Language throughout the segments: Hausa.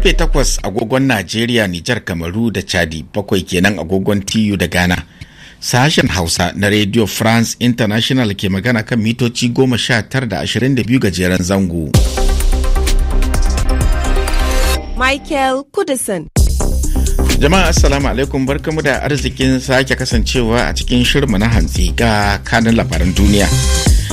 karfe 8 agogon Najeriya, Nijar, Kamaru da Chadi, bakwai kenan agogon TU da Ghana. Sashen Hausa na Radio France International ke magana kan mitoci goma sha 19 da 22 gajeren zango. Michael Kudison. Jama'a Assalamu alaikum barkamu da arzikin sake kasancewa a cikin shirma na hantsi ga kanin labaran duniya.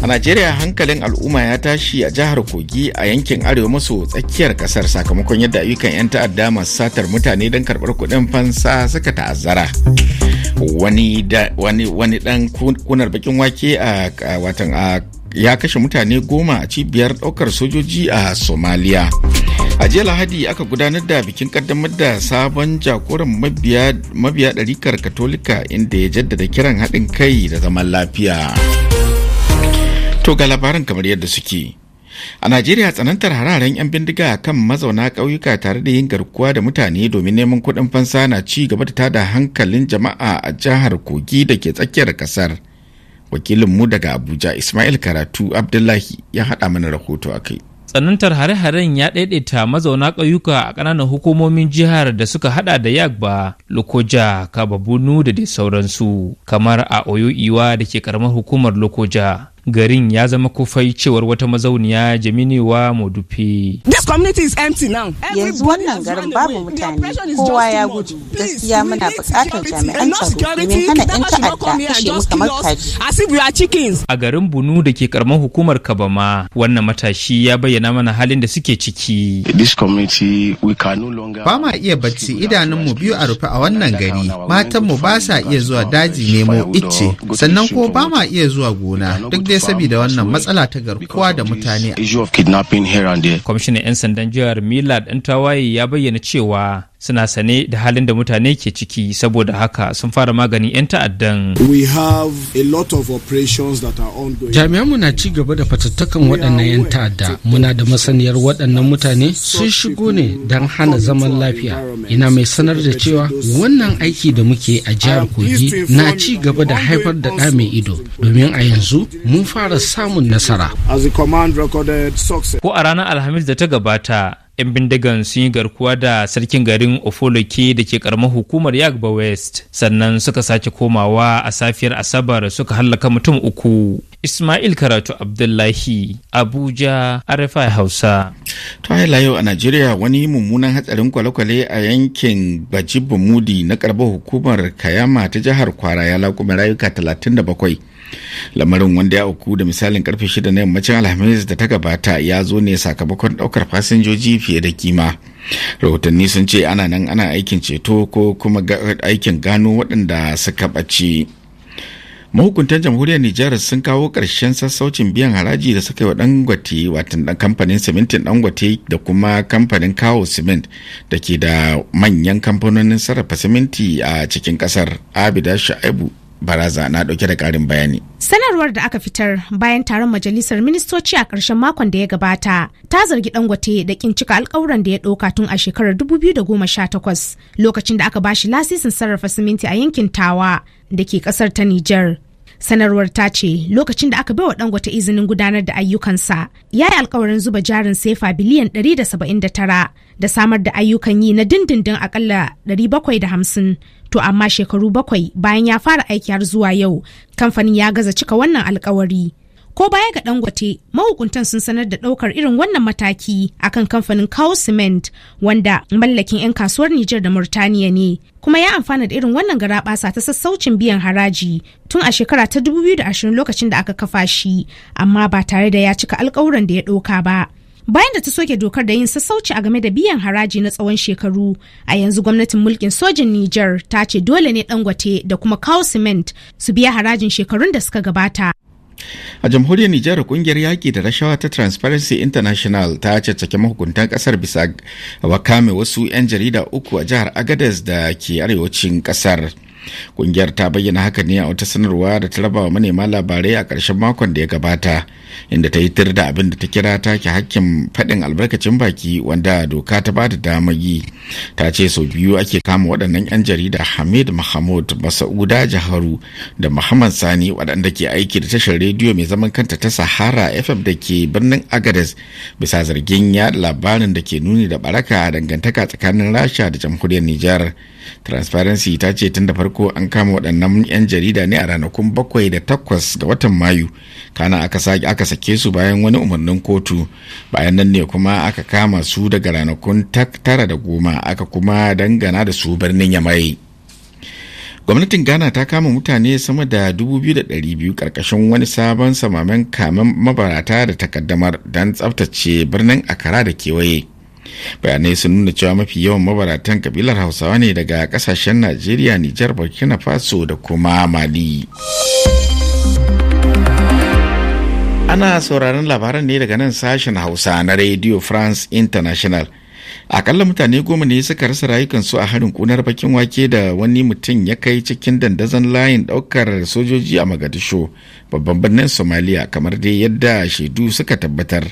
A Najeriya hankalin al'umma ya tashi a jihar Kogi a yankin arewa maso tsakiyar kasar sakamakon yadda ayyukan 'yan ta'adda masu satar mutane don karɓar kuɗin fansa suka ta'azzara. Wani ɗan kunar bakin wake a watan a ya kashe mutane goma a cibiyar ɗaukar sojoji a Somalia. a jiya lahadi aka gudanar da bikin kaddamar da sabon jagoran mabiya ɗarikar katolika inda ya jaddada kiran haɗin kai da zaman lafiya. To ga labaran kamar yadda suke. A Najeriya tsanantar hararen 'yan bindiga kan mazauna ƙauyuka tare da yin garkuwa da mutane domin neman kuɗin fansa na ci gaba da tada hankalin jama'a a jihar Kogi da ke tsakiyar ƙasar. Wakilinmu daga Abuja Ismail Karatu Abdullahi ya haɗa mana rahoto a kai. tsanantar hare-haren ya daidaita mazauna ƙauyuka a ƙananan hukumomin jihar da suka haɗa da yagba lokoja kababunu da dai sauransu kamar a oyo iwa da ke ƙaramar hukumar lokoja garin ya zama kufai cewar wata mazauniya jaminewa now. yanzu wannan garin babu mutane kowa ya gudu gaskiya muna buƙatar jami'an tsaro domin hana 'yan ta'adda kashe mu kamar kaji a garin bunu da ke karamar hukumar kabama wannan matashi ya bayyana mana halin da suke ciki ba ma iya bacci idanunmu biyu a rufe a wannan gari matanmu ba sa iya zuwa daji nemo icce sannan ko ba ma iya zuwa gona duk dai sabida wannan matsala ta garkuwa da mutane. Kwamishinan 'yan sandan jihar Milad ɗan tawaye ya bayyana cewa suna sane da halin da mutane ke ciki saboda haka sun fara magani 'yan ta'addan. Jami'anmu na ci gaba da fatattakan waɗannan 'yan ta'adda. Muna da masaniyar waɗannan mutane sun shigo ne don hana zaman lafiya. Ina mai sanar da cewa wannan aiki da muke a jihar Kogi na ci gaba da haifar da ɗa mai ido domin a yanzu mun fara samun nasara. Ko a ranar Alhamis da ta gabata 'yan bindigan sun yi garkuwa da sarkin garin ofoloke da ke karamar hukumar yagba west sannan suka sake komawa a safiyar asabar suka hallaka mutum uku ismail karatu abdullahi abuja arafai hausa ta haila yau a najeriya wani mummunan hatsarin kwale-kwale a yankin bajibumudi na karbar hukumar kayama ta jihar kwara ya laƙume rayuka 37 lamarin wanda ya auku da misalin karfe shida na yammacin alhamis da ta gabata ya zo ne sakamakon daukar fasinjoji fiye da kima rahotanni sun ce ana nan ana aikin ceto ko kuma aikin gano waɗanda suka ɓace mahukuntan jamhuriyar nijar sun kawo ƙarshen sassaucin biyan haraji da suka yi wa dangote watan dan kamfanin simintin dangote da kuma kamfanin kawo simint da ke da manyan kamfanonin sarrafa siminti a cikin ƙasar abida sha'ibu baraza na dauke da karin bayani sanarwar da aka fitar bayan taron majalisar ministoci a ƙarshen makon da ya gabata ta zargi dangote da kin cika alkawuran da ya ɗauka tun a shekarar 2018 lokacin da aka bashi lasisin sarrafa siminti a yankin tawa da ke ƙasar ta Nijar. Sanarwar ta ce lokacin da aka baiwa Dangote izinin gudanar da ayyukansa ya yi alkawarin zuba jarin sefa biliyan 179 da samar da ayyukan yi na dindindin akalla 750 to amma shekaru bakwai bayan ya fara aiki har zuwa yau kamfanin ya gaza cika wannan alkawari. ko baya ga dangote mahukuntan sun sanar da daukar irin wannan mataki akan kamfanin cow cement wanda mallakin 'yan kasuwar Nijar da Murtaniya ne kuma ya amfana da irin wannan garabasa ta sassaucin biyan haraji tun a shekara ta 2020 lokacin da aka kafa shi amma ba tare da ya cika alkawuran da ya ɗauka ba. bayan da ta soke dokar da yin sassauci a game da biyan haraji na tsawon shekaru a yanzu gwamnatin mulkin sojin Nijar ta ce dole ne dangote da kuma kawo cement su biya harajin shekarun da suka gabata. a jamhuriyar nijar kungiyar yaƙi da rashawa ta transparency international ta caccake mahukuntan ƙasar bisa wa kame wasu 'yan jarida uku a jihar agadez da ke arewacin ƙasar Kungiyar ta bayyana haka ne a wata sanarwa da ta raba wa manema labarai a ƙarshen makon da ya gabata inda ta yi tir da abin da ta kira take hakkin faɗin albarkacin baki wanda doka ta ba da damar yi. Ta ce sau biyu ake kama waɗannan 'yan jarida Hamid Mahmud Masauda Jaharu da Muhammad Sani waɗanda ke aiki da tashar rediyo mai zaman kanta ta Sahara FM da ke birnin Agadez bisa zargin yaɗa labarin da ke nuni da baraka dangantaka tsakanin Rasha da jamhuriyar Nijar. transparency ta ce tun da farko an kama waɗannan 'yan jarida ne a ranakun bakwai da takwas ga watan mayu kana aka sake su bayan wani umarnin kotu bayan nan ne kuma aka kama su daga ranakun tara da goma aka kuma dangana da su birnin yamai gwamnatin ghana ta kama mutane sama da 2,200 karkashin wani sabon samamen kamen mabarata da takaddamar don tsabtace birnin akara da kewaye bayanai sun nuna cewa mafi yawan mabaratan kabilar hausawa ne daga kasashen najeriya nijar burkina faso da kuma mali ana sauraron labaran ne daga nan sashen hausa na radio france international akalla mutane goma ne suka rasa rayukansu a harin kunar bakin wake da wani mutum ya kai cikin dandazon layin daukar sojoji a magadisho babban birnin somaliya kamar dai yadda shaidu suka tabbatar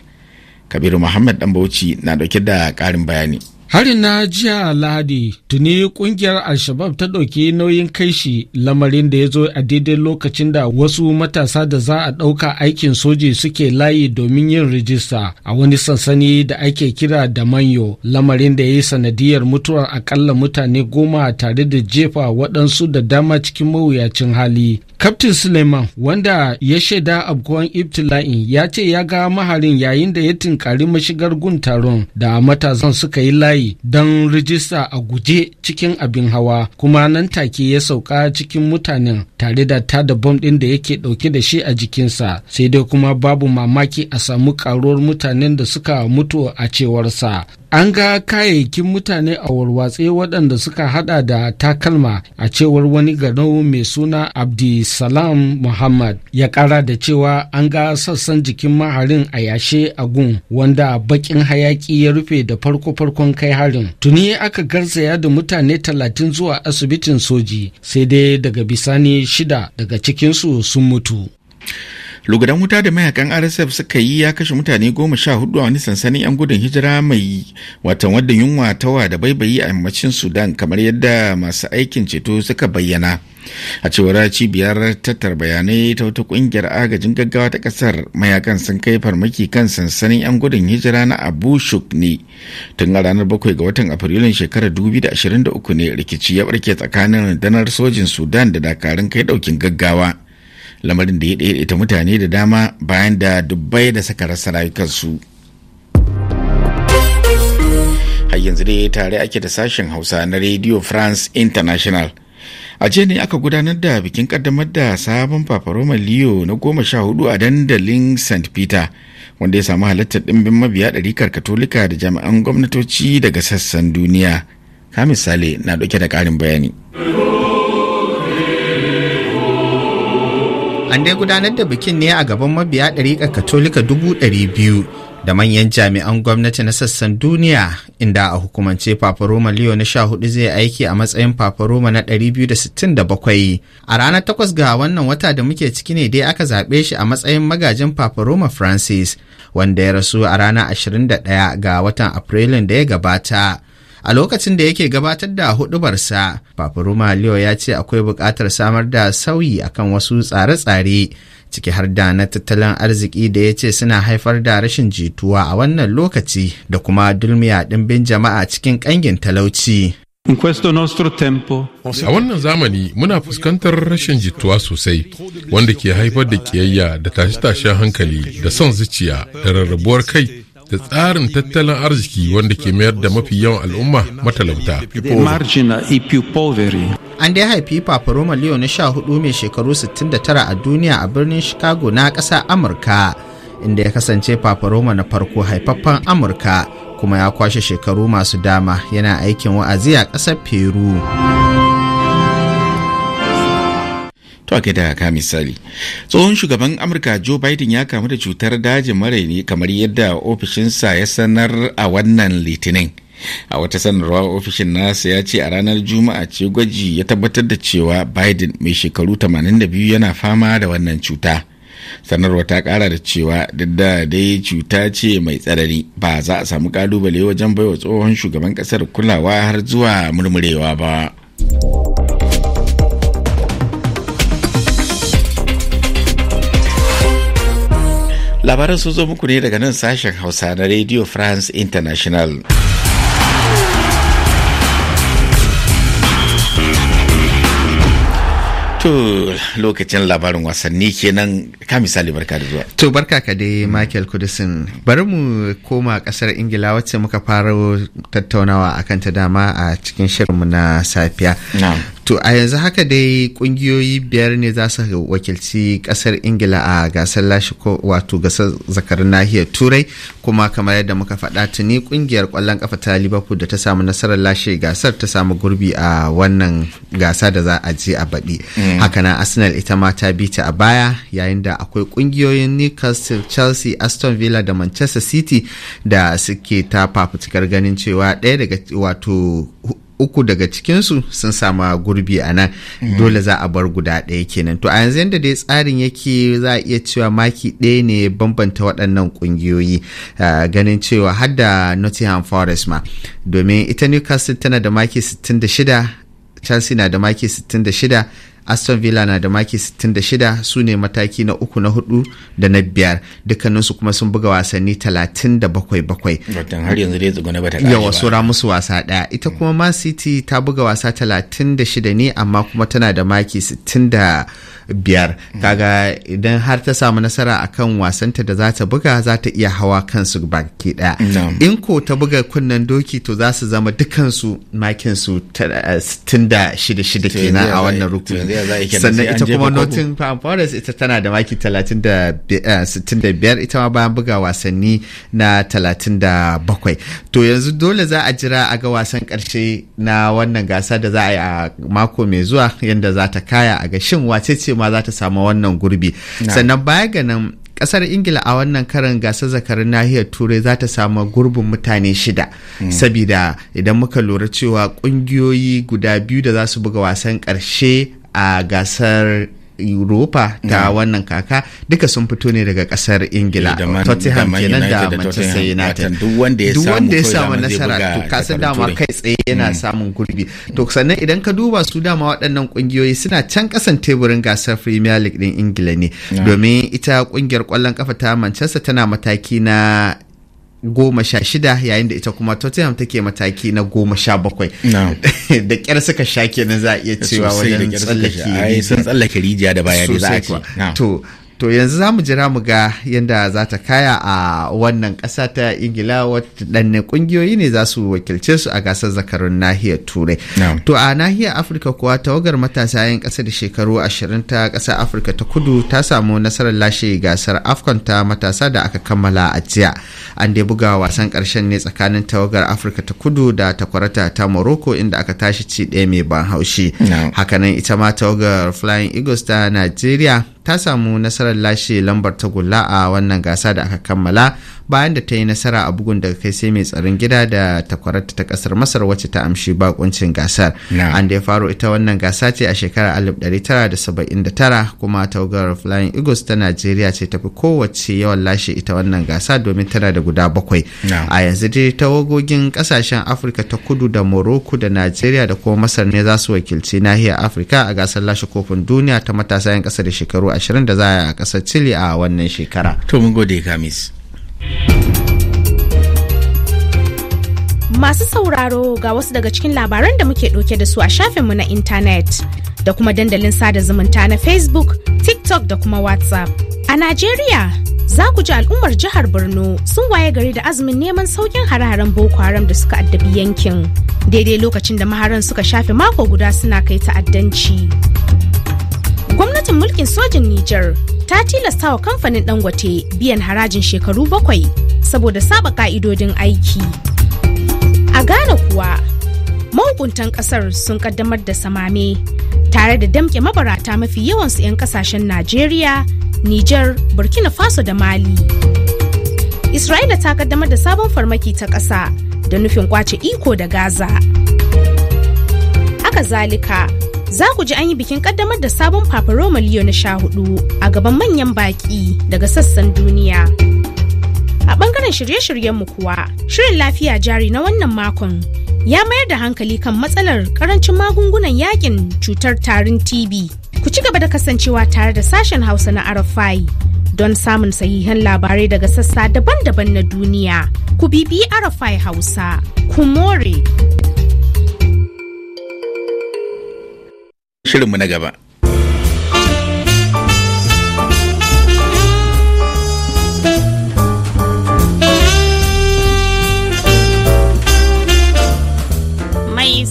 kabiru muhammad dan bauchi na dauke da karin bayani Harin na jiya Lahadi tuni kungiyar Alshabab ta ɗauki nauyin kai shi lamarin da ya zo a daidai lokacin da wasu matasa da za a ɗauka aikin soji suke layi domin yin rijista a wani sansani da ake kira da manyo lamarin da ya yi sanadiyar mutuwar akalla mutane goma tare da jefa waɗansu da dama cikin mawuyacin hali. Kaftin Suleiman wanda ya shaida abkuwan Ibtila'in ya ce ya ga maharin yayin da ya tinkari mashigar gun taron da matasan suka yi layi layi don rijista a guje cikin abin hawa kuma nan take ya sauka cikin mutanen tare da tada bom ɗin da yake ɗauke da shi a jikinsa sai dai kuma babu mamaki a samu ƙaruwar mutanen da suka mutu a cewarsa an ga kayayyakin mutane a warwatse waɗanda suka hada da takalma a cewar wani gano mai suna salam muhammad ya ƙara da cewa an ga sassan jikin maharin a yashe a gun wanda bakin hayaƙi ya rufe da farko-farkon kai harin tuni aka garzaya da mutane talatin zuwa asibitin soji sai dai daga bisani shida daga cikinsu sun mutu lugudan wuta da mayakan rsf suka yi ya kashe mutane goma sha hudu a wani sansanin yan gudun hijira mai watan wadda yunwa tawa da baibayi a yammacin sudan kamar yadda masu aikin ceto suka bayyana a cewar cibiyar tattar bayanai ta wata kungiyar agajin gaggawa ta kasar mayakan sun kai farmaki kan sansanin yan gudun hijira na abu shuk ne tun a ranar bakwai ga watan afrilun shekarar 2023 ne rikici ya barke tsakanin danar sojin sudan da dakarun kai daukin gaggawa lamarin da ya ɗaiɗaita mutane da dama bayan da dubbai da suka rasa rayukansu har yanzu dai tare ake da sashen hausa na radio france international a jiya ne aka gudanar da bikin kaddamar da sabon fafaroman liyo na goma sha hudu a dandalin st peter wanda ya samu halartar ɗimbin mabiya ɗarikar katolika da jami'an gwamnatoci daga sassan duniya ka misali na dauke da ƙarin bayani an dai gudanar da bikin ne a gaban mabiya ɗariƙa katolika dubu ɗari biyu da manyan jami'an gwamnati na sassan duniya inda a hukumance Papa Roma Leo na sha hudu zai aiki a matsayin Papa Roma na bakwai. a ranar takwas ga wannan wata da muke ciki ne dai aka zaɓe shi a matsayin magajin Papa Roma Francis wanda ya rasu a ranar 21 ga watan Afrilun da ya gabata a lokacin da yake gabatar da hudubarsa papuruma leo ya ce akwai buƙatar samar da sauyi akan wasu tsare-tsare ciki har da na tattalin arziki da ya ce suna haifar da rashin jituwa a wannan lokaci da kuma dulmiya ɗimbin jama'a cikin ƙangin talauci A wannan zamani muna fuskantar rashin jituwa sosai wanda ke haifar da kiyayya da tashe-tashen hankali da son zuciya da rarrabuwar kai da tsarin tattalin arziki wanda ke mayar da mafi yawan al'umma matalauta. An dai haifi Papa Roma na sha hudu mai shekaru 69 a duniya a birnin Chicago na ƙasa Amurka, inda ya kasance Papa na farko haifaffen Amurka kuma ya kwashe shekaru masu dama yana aikin wa'azi a ƙasar Peru. To a da ka misali. Tsohon shugaban Amurka Joe Biden ya kamu da cutar dajin marai ne kamar yadda ofishinsa ya sanar a wannan litinin. A wata sanarwa ofishin nasa ya ce a ranar Juma'a ce gwaji ya tabbatar da cewa Biden mai shekaru 82 yana fama da wannan cuta. sanarwa ta kara da cewa duk da dai cuta ce mai tsarari ba za a samu kalubale wajen baiwa tsohon shugaban kasar kulawa har zuwa murmurewa ba. labaran sun zo muku ne daga nan sashen hausa na radio france international To lokacin labarin wasanni kenan ka misali barka da zuwa. To barka ka dai Michael Kudisin. Bari mu koma kasar Ingila wacce muka fara tattaunawa a kan ta dama a cikin shirinmu na safiya. To a yanzu haka dai kungiyoyi biyar ne za su wakilci kasar Ingila a gasar lashe wato gasar zakar nahiyar Turai kuma kamar yadda muka faɗa tuni kungiyar ƙwallon ƙafa ta Liverpool da ta samu nasarar lashe gasar ta samu gurbi a wannan gasa da za a je a baɗi. Mm. Hakanan Arsenal ita ma ta bi ta a baya yayin da akwai kungiyoyin Newcastle, Chelsea, Aston Villa da Manchester City da suke ta fafutukar ganin cewa ɗaya daga wato uku daga cikinsu sun sama gurbi a nan eh. dole za a bar guda ɗaya kenan to a yanzu yadda dai tsarin yake za a iya cewa maki ɗaya ne bambanta waɗannan ƙungiyoyi eh, ganin cewa har da nottingham forest ma domin ita newcastle tana da maki 66 chelsea na da maki 66 aston villa na da maki 66 su ne mataki na uku na hudu da na biyar dukkaninsu kuma sun buga wasanni 37 watan har yanzu dai tsuguna ba ta yawa sura musu wasa daya ita kuma man city ta buga wasa 36 ne amma kuma tana da maki 65 kaga idan har ta samu nasara akan wasanta da za ta buga za ta iya hawa kansu baki daya in ko ta buga kunnen doki to za su zama dukansu makinsu 66 eh, kenan a wannan rukuni ya za a sannan ita kuma notin Forest ita tana da maki 65 eh, ita ma bayan buga wasanni na 37 to yanzu dole za a jira a ga wasan karshe na wannan gasa da za a yi a mako mai zuwa yadda za ta kaya a ga shin wace ce ma za ta samu wannan gurbi sannan baya ga nan kasar ingila a wannan karin gasa zakarin nahiyar turai za ta samu gurbin mutane shida hmm. sabida idan muka lura cewa kungiyoyi guda biyu da za su buga wasan karshe a gasar Europa ta wannan kaka duka sun fito ne daga kasar Ingila eh, Tottenham kenan da Manchester United duk wanda ya samu nasara to kasan dama kai tsaye yana mm. samun gurbi to sannan idan ka duba su dama waɗannan kungiyoyi suna can kasan teburin gasar Premier League din Ingila ne domin ita kungiyar kwallon kafa ta Manchester tana mataki na goma sha shida yayin da ita kuma tottenham take mataki na goma sha bakwai da kyar suka sha kenan za a iya cewa wajen tsallake rijiya da baya da za a to to yanzu za mu jira mu ga yadda za ta kaya a wannan ƙasa ta ingila waɗanne ƙungiyoyi ne za su wakilce su a gasar zakarun nahiyar turai to a nahiyar afirka kuwa tawagar matasa 'yan ƙasa da shekaru ashirin ta ƙasar afirka ta kudu ta samu nasarar lashe gasar afcon ta matasa da aka kammala a jiya an dai buga wasan ƙarshen ne tsakanin tawagar afirka ta kudu da takwarata ta morocco inda aka tashi ci ɗaya mai ban haushi hakanan ita ma tawagar flying eagles ta nigeria ta samu nasarar lashe lambar ta tagulla a wannan gasa da aka kammala bayan da ta yi nasara a bugun daga kai sai mai tsaron gida da takwararta ta kasar masar wacce ta amshi bakuncin gasar an da ya faro ita wannan gasa ce a shekarar tara, kuma taugar flying eagles ta najeriya ce tafi kowace yawan lashe ita wannan gasa domin tana da guda bakwai a yanzu dai tawagogin kasashen afirka ta kudu da morocco da najeriya da kuma masar ne za su wakilci nahiyar afirka a gasar lashe kofin duniya ta matasa 'yan kasa da shekaru ashirin da za a yi kasar chile a wannan shekara mun gode kamis masu sauraro ga wasu daga cikin labaran da muke ɗauke da su a shafinmu na intanet da kuma dandalin sada zumunta na facebook tiktok da kuma whatsapp a najeriya za ku ji al'ummar jihar borno sun waye gari da azumin neman saukin hare-haren boko haram da suka addabi yankin daidai lokacin da maharan suka shafe mako guda suna kai ta'addanci gwamnatin mulkin sojin Nijar ta tilasta wa kamfanin Dangote biyan harajin shekaru bakwai saboda saba ka'idodin aiki. A Ghana kuwa, mahukuntan kasar sun kaddamar da samame tare da damke mabarata mafi yawan su 'yan kasashen Najeriya, Nijar, Burkina Faso da Mali. Isra'ila ta kaddamar da sabon farmaki ta ƙasa da nufin kwace iko da Gaza. Haka zalika, za ku ji an yi bikin kaddamar da sabon Papa Roma na sha hudu a gaban manyan baki daga sassan duniya. A ɓangaren shirye-shiryenmu kuwa, shirin lafiya jari na wannan makon ya mayar da hankali kan matsalar karancin magungunan yakin cutar tarin TB. Ku ci gaba da kasancewa tare da sashen Hausa na Arafai don samun sahihan labarai daga sassa daban-daban na duniya. Ku bibi Arafai Hausa, ku more. shirinmu na gaba.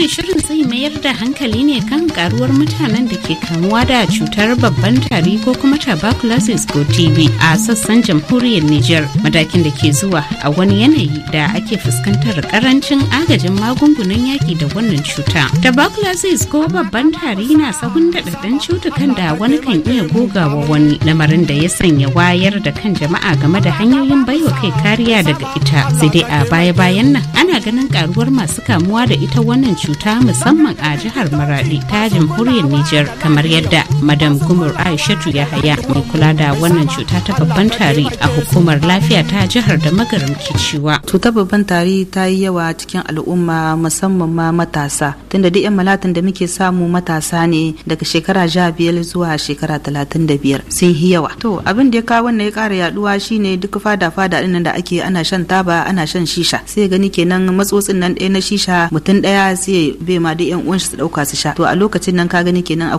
Wannan shirin zai mayar da hankali ne kan karuwar mutanen da ke kamuwa da cutar babban tari ko kuma tuberculosis ko TB a sassan jamhuriyar Nijar matakin da ke zuwa a wani yanayi da ake fuskantar karancin agajin magungunan yaki da wannan cuta. Tuberculosis ko babban tari na sahun daɗaɗɗen cutukan da wani kan iya wa wani lamarin da ya sanya wayar da kan jama'a game da hanyoyin baiwa kai kariya daga ita. Sai dai a baya-bayan nan ana ganin karuwar masu kamuwa da ita wannan cuta. cuta musamman a jihar Maradi ta jamhuriyar Nijar kamar yadda Madam Gumur Aishatu ya haya mai kula da wannan cuta ta babban tari a hukumar lafiya ta jihar da magarin cewa. Cutar babban tari ta yi yawa cikin al'umma musamman ma matasa tunda duk 'yan malatin da muke samu matasa ne daga shekara ja biyar zuwa shekara talatin da biyar sun yi yawa. To abin da ya kawo wannan ya kara yaduwa shine duk fada fada din da ake ana shan taba ana shan shisha sai gani kenan matsotsin nan ɗaya na shisha mutum ɗaya sai bai ma da yan uwan su dauka su sha to a lokacin nan ka gani kenan akwai